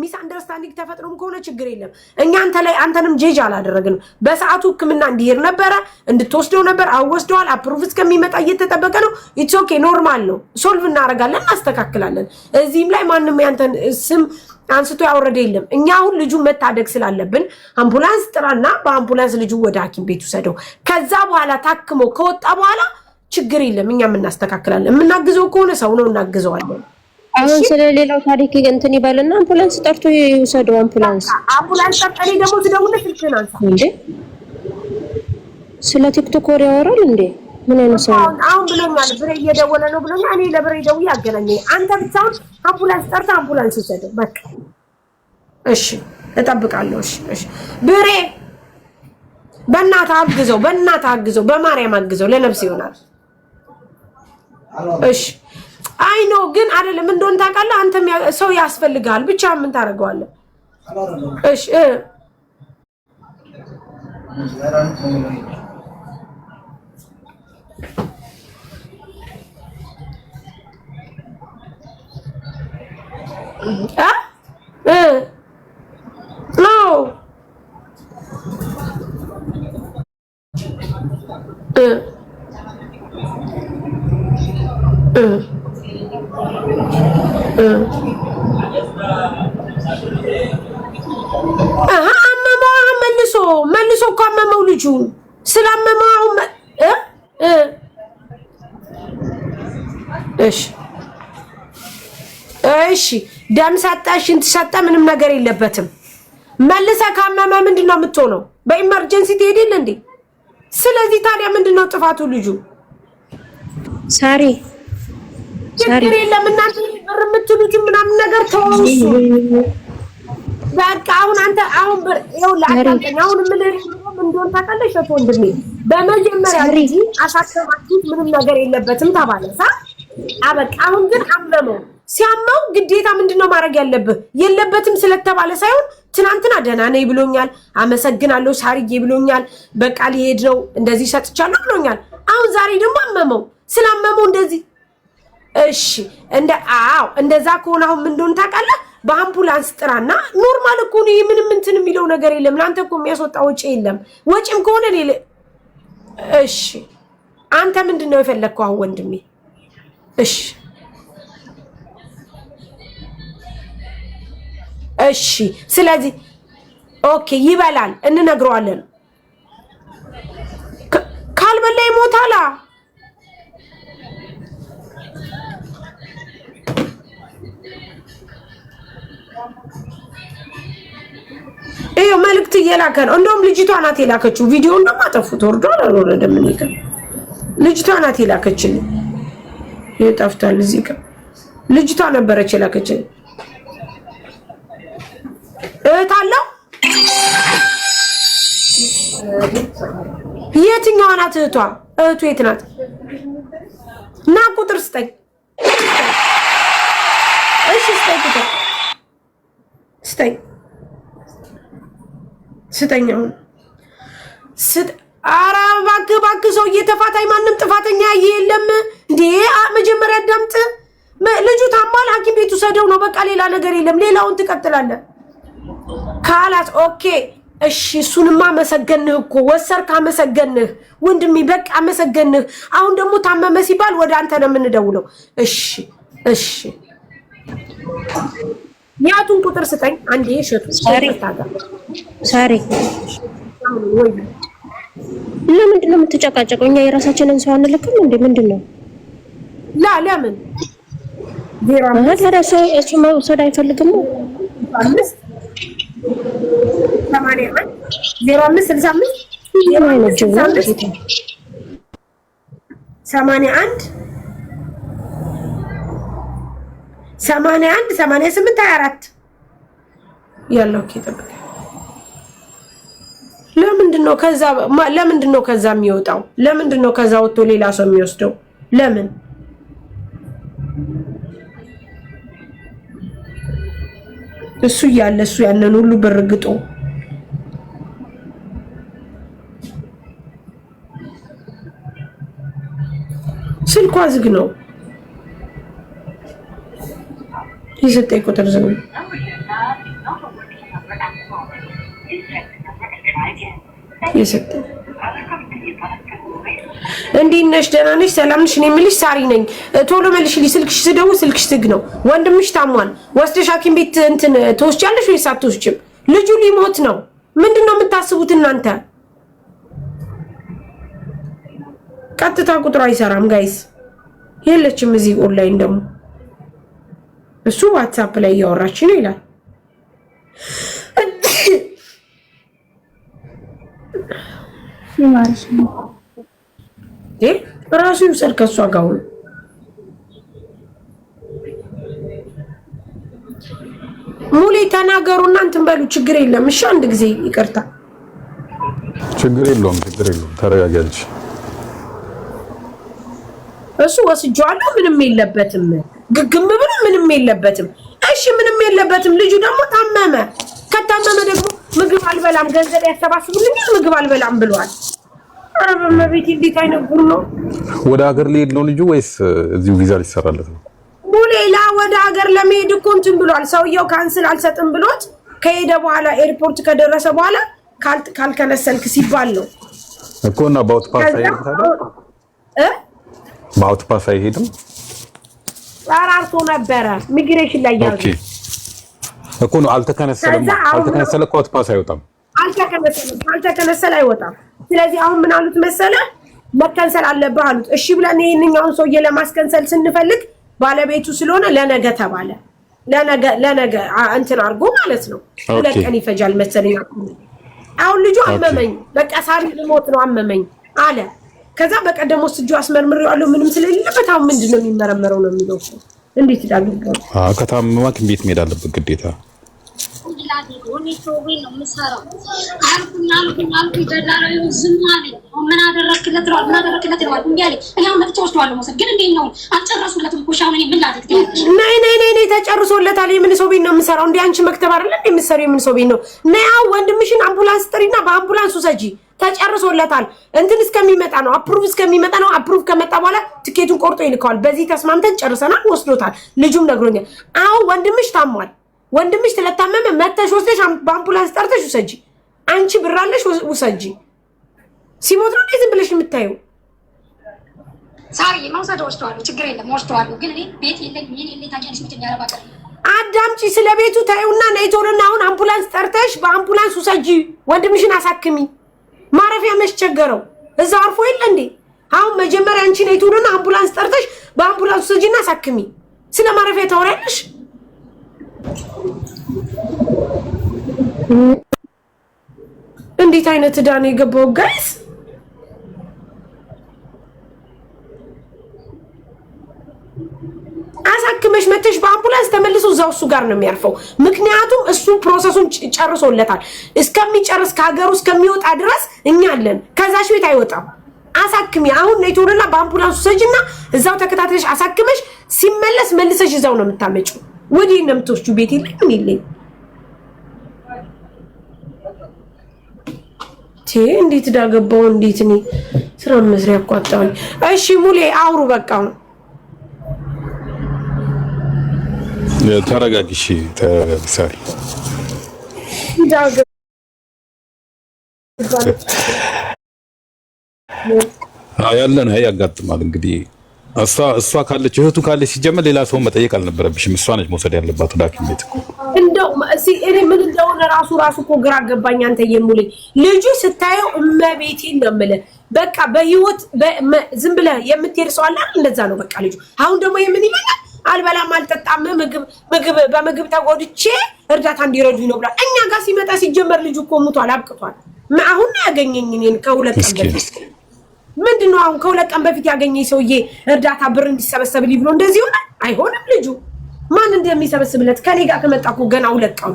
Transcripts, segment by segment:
ሚስ አንደርስታንዲንግ ተፈጥሮም ከሆነ ችግር የለም። እኛ አንተ ላይ አንተንም ጄጅ አላደረግንም። በሰዓቱ ህክምና እንዲሄድ ነበረ እንድትወስደው ነበር። አወስደዋል። አፕሩቭ እስከሚመጣ እየተጠበቀ ነው። ኢትስ ኦኬ ኖርማል ነው። ሶልቭ እናደርጋለን፣ እናስተካክላለን። እዚህም ላይ ማንም ያንተን ስም አንስቶ ያወረደ የለም። እኛ አሁን ልጁ መታደግ ስላለብን አምቡላንስ ጥራና በአምቡላንስ ልጁ ወደ ሐኪም ቤት ውሰደው። ከዛ በኋላ ታክሞ ከወጣ በኋላ ችግር የለም። እኛም እናስተካክላለን። የምናግዘው ከሆነ ሰው ነው እናግዘዋለን። አሁን ስለሌላው ታሪክ እንትን ይበልና አምቡላንስ ጠርቶ ይውሰደው። አምቡላንስ አምቡላንስ ጠርቶ ደግሞ ዝደውልለት ስልክህን አንሳ እንዴ! ስለ ቲክቶክ ወሬ ያወራል እንዴ? ምን አይነት ሰው አሁን ብሎኛል። ብሬ እየደወለ ነው ብሎኛል። እኔ ለብሬ ደውዬ አገናኘኝ። አንተ ብቻውን አምቡላንስ ጠርቶ አምቡላንስ ውሰደው በቃ። እሺ እጠብቃለሁ። እሺ፣ እሺ ብሬ፣ በእናትህ አግዘው፣ በእናትህ አግዘው፣ በማርያም አግዘው፣ ለነብስ ይሆናል። እሺ ግን አይደለም እንደሆን ታውቃለህ። አንተም ሰው ያስፈልግሃል። ብቻ ምን ታደርገዋለህ? እሺ እ አመመው። አሁን መልሶ መልሶ እኮ አመመው ልጁ ስላመመው አሁን እሺ እሺ ደም ሰጠ፣ ሽንት ሰጠ፣ ምንም ነገር የለበትም። መልሰ ካመመ ምንድን ነው የምትሆነው? በኢመርጀንሲ ትሄድል እንዴ? ስለዚህ ታዲያ ምንድን ነው ጥፋቱ ልጁ ሳሪ ችግር የለም እናንተ ብር የምትሉት ምናምን ነገር ተወሱ። በቃ አሁን አንተ አሁን ብር ይኸውልህ፣ አታውቅም። አሁን የምልህ እንደሆነ ታውቃለሽ እህት ወንድሜ፣ በመጀመሪያ ጊዜ አሳከማችሁት ምንም ነገር የለበትም ተባለ ሳ አበቃ። አሁን ግን አመመው። ሲያመው ግዴታ ምንድን ነው ማድረግ ያለብህ? የለበትም ስለተባለ ሳይሆን ትናንትና ደህና ነኝ ብሎኛል፣ አመሰግናለሁ ሳርዬ ብሎኛል፣ በቃ ሊሄድ ነው እንደዚህ ሰጥቻለሁ ብሎኛል። አሁን ዛሬ ደግሞ አመመው። ስላመመው እንደዚህ እሺ እንደ አዎ እንደዛ ከሆነ አሁን ምን እንደሆነ ታውቃለህ? በአምቡላንስ ጥራና ኖርማል እኮ ነው። ምንም እንትን የሚለው ነገር የለም። ለአንተ እኮ የሚያስወጣ ወጪ የለም። ወጪም ከሆነ ሌለ። እሺ አንተ ምንድን ነው የፈለግከው አሁን ወንድሜ? እሺ እሺ። ስለዚህ ኦኬ፣ ይበላል እንነግረዋለን። ካልበላ ይሞታላ እየላከ ነው። እንደውም ልጅቷ ናት የላከችው። ቪዲዮውን ደግሞ አጠፉት፣ ወርዷል፣ አልወረደም። እኔ ጋር ልጅቷ ናት የላከችን። ይጠፍታል። ጠፍቷል። እዚህ ጋር ልጅቷ ነበረች የላከችን። እህት አለው። የትኛዋ ናት እህቷ? እህቱ የት ናት? ና ቁጥር ስጠኝ። እሺ ስጠኝ፣ ቁጥር ስጠኝ ስጠኛውን ኧረ እባክህ እባክህ ሰውዬ ተፋታይ ማንም ጥፋተኛ የለም እንዴ መጀመሪያ ዳምጥ ልጁ ታሟል ሀኪም ቤቱ ሰደው ነው በቃ ሌላ ነገር የለም ሌላውን ትቀጥላለህ ካላት ኦኬ እሺ እሱንማ አመሰገንህ እኮ ወሰድክ አመሰገንህ ወንድሜ በቃ አመሰገንህ አሁን ደግሞ ታመመ ሲባል ወደ አንተ ነው የምንደውለው እሺ እሺ ያቱን ቁጥር ስጠኝ አንዴ። እሸቱ ሳሪ ለምንድን ነው የምትጨቃጨቀው? እኛ የራሳችንን ሰው አንልክም እንዴ? ምንድን ነው ላ ለምን ታዲያ ሰው እሱ መውሰድ አይፈልግም? ሰማንያ አንድ ሰማንያ አንድ ሰማንያ ስምንት ሀያ አራት ያለው ይጠብቃል። ለምንድን ነው ከዛ ለምንድን ነው ከዛ የሚወጣው? ለምንድን ነው ከዛ ወጥቶ ሌላ ሰው የሚወስደው? ለምን እሱ እያለ እሱ ያንን ሁሉ ብር ግጦ ስልኳ ዝግ ነው። የዘጠኝ ቁጥር ዝም የሰጠኝ እንዴት ነሽ? ደህና ነሽ? ሰላም ነሽ? እኔ የምልሽ ሳሪ ነኝ። ቶሎ መልሽልኝ። ስልክሽ ስደውል ስልክሽ ዝግ ነው። ወንድምሽ ታሟል። ወስደሽ ሐኪም ቤት እንትን ትወስጃለሽ ወይስ አትወስጂም? ልጁ ሊሞት ነው። ምንድን ነው የምታስቡት እናንተ? ቀጥታ ቁጥሩ አይሰራም ጋይስ። የለችም እዚህ ኦንላይን ደግሞ እሱ ዋትሳፕ ላይ እያወራች ነው ይላል። ራሱ ይውሰድ ከእሷ ጋር ሁሉ ሙሌ ተናገሩና እንትን በሉ። ችግር የለም እሺ። አንድ ጊዜ ይቅርታ፣ ችግር የለውም፣ ችግር የለውም። ተረጋጋች። እሱ ወስጄዋለሁ፣ ምንም የለበትም። ግግም ብሎ ምንም የለበትም። እሺ ምንም የለበትም። ልጁ ደግሞ ታመመ። ከታመመ ደግሞ ምግብ አልበላም፣ ገንዘብ ያሰባስቡልኛል፣ ምግብ አልበላም ብሏል። ኧረ በመቤት እንዴት አይነት ነው! ወደ ሀገር ሊሄድ ነው ልጁ ወይስ እዚሁ ቪዛ ሊሰራለት ነው? ሌላ ወደ ሀገር ለመሄድ እኮ እንትን ብሏል ሰውየው። ካንስል አልሰጥም ብሎት ከሄደ በኋላ ኤርፖርት ከደረሰ በኋላ ካልከነሰልክ ሲባል ነው እኮ እና በአውቶፓስ አይሄድም ጠራርቶ ነበረ ሚግሬሽን ላይ ያሉ እኮ ነው። አልተከነሰለም። አልተከነሰለ ኮት ፓስ አይወጣም። አልተከነሰለም። አልተከነሰለ አይወጣም። ስለዚህ አሁን ምን አሉት መሰለ መከንሰል አለብህ አሉት። እሺ ብለን ይሄንኛውን ሰውዬ ለማስከንሰል ስንፈልግ ባለቤቱ ስለሆነ ለነገ ተባለ። ለነገ ለነገ እንትን አድርጎ ማለት ነው። ሁለት ቀን ይፈጃል መሰለኝ። አሁን ልጁ አመመኝ፣ በቃ ሳሪ ልሞት ነው አመመኝ አለ። ከዛ ውስጥ እጁ አስመርምሬዋለሁ ምንም ስለሌለበት አሁን ምንድን ነው የሚመረመረው ነው የሚለው። እንዴት ይዳልጋ ከታመማ ቤት መሄድ አለበት ግዴታ። ተጨርሶለታል። የምን ሰው ቤት ነው የምሰራው? እንደ አንቺ መክተብ አይደለ የምትሰሪው? የምን ሰው ቤት ነው? ነይ አሁን ወንድምሽን አምቡላንስ ጥሪና ተጨርሶለታል። እንትን እስከሚመጣ ነው፣ አፕሩቭ እስከሚመጣ ነው። አፕሩቭ ከመጣ በኋላ ትኬቱን ቆርጦ ይልከዋል። በዚህ ተስማምተን ጨርሰናል። ወስዶታል። ልጁም ነግሮኛል። አሁን ወንድምሽ ታሟል። ወንድምሽ ስለታመመ መተሽ ወስደሽ በአምቡላንስ ጠርተሽ ውሰጂ። አንቺ ብራለሽ ውሰጂ። ሲሞት ነው ዝም ብለሽ የምታየው። ሳሪ መውሰድ ወስደዋለሁ፣ ችግር የለም ወስደዋለሁ። ግን እኔ ቤት የለኝ። አዳምጪ። ስለ ቤቱ ታየውና ነይቶልና አሁን አምቡላንስ ጠርተሽ በአምቡላንስ ውሰጂ። ወንድምሽን አሳክሚ። ማረፊያ መስቸገረው እዛ አርፎ የለ እንዴ? አሁን መጀመሪያ አንቺ ነይ ትሁንና አምቡላንስ ጠርተሽ በአምቡላንስ ስጂና ሳክሚ። ስለ ማረፊያ ታወሪያለሽ? እንዴት አይነት ዳን ነው የገባው ጋይስ? አሳክመሽ መተሽ በአምቡላንስ ተመልሶ እዛው እሱ ጋር ነው የሚያርፈው። ምክንያቱም እሱ ፕሮሰሱን ጨርሶለታል። እስከሚጨርስ ከሀገሩ እስከሚወጣ ድረስ እኛ አለን። ከዛሽ ቤት አይወጣም። አሳክሚ አሁን ነይቶንና በአምቡላንሱ ሰጅና እዛው ተከታተለሽ አሳክመሽ ሲመለስ መልሰሽ እዛው ነው የምታመጪው። ወዲህ ነው የምትወስጂው። ቤት የለኝ ምን የለኝ። እንዴት ዳገባው እንዴት እኔ ስራ መስሪያ ያቋጣኝ። እሺ ሙሌ አውሩ በቃ ተረጋግሽ ተሳሪ ያለን አይ ያጋጥማል። እንግዲህ እሷ እሷ ካለች እህቱ ካለች ሲጀመር ሌላ ሰው መጠየቅ አልነበረብሽም። እሷ ነች መውሰድ ያለባት ወደ ሐኪም ቤት። እንደው እኔ ምን እንደሆነ ራሱ ራሱ እኮ ግራ ገባኝ። አንተ የሙልኝ ልጁ ስታየው እመቤቴን ነው የምልህ። በቃ በህይወት ዝም ብለህ የምትሄድ ሰው አለ እንደዛ ነው። በቃ ልጁ አሁን ደግሞ የምን ይመጣል አልበላም አልጠጣም፣ ምግብ ምግብ በምግብ ተጎድቼ እርዳታ እንዲረዱ ነው ብላል እኛ ጋር ሲመጣ ሲጀመር ልጁ እኮ ሙቷል፣ አብቅቷል። አሁን ያገኘኝ እኔን ከሁለት ቀን በፊት ምንድን ነው አሁን ከሁለት ቀን በፊት ያገኘኝ ሰውዬ እርዳታ ብር እንዲሰበሰብልኝ ብሎ እንደዚህ ሆነ። አይሆንም ልጁ ማን እንደሚሰበስብለት ከኔ ጋር ከመጣ እኮ ገና ሁለት ቀኑ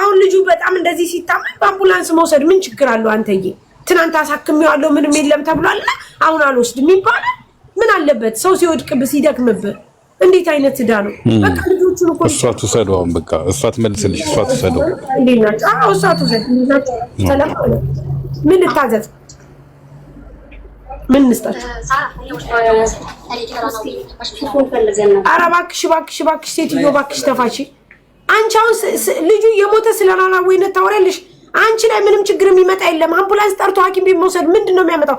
አሁን ልጁ በጣም እንደዚህ ሲታመን በአምቡላንስ መውሰድ ምን ችግር አለው? አንተዬ ትናንት አሳክሜዋለሁ ምንም የለም ተብሏልና አሁን አልወስድም ይባላል። ምን አለበት ሰው ሲወድቅብ ሲደክምብህ እንዴት አይነት ዕዳ ነው? በቃ ልጆቹን እኮ እሷ አሁን በቃ እሷ ትመልስልሽ። እሷ እሷ ትውሰድ። ምን ልታዘዝ? ምን ኧረ እባክሽ እባክሽ እባክሽ ሴትዮ እባክሽ ተፋች አንቺ አሁን ልጁ የሞተ ስለራራወይነት ታወሪያለሽ። አንቺ ላይ ምንም ችግር የሚመጣ የለም። አምቡላንስ ጠርቶ ሐኪም ቤት መውሰድ ምንድን ነው የሚያመጣው?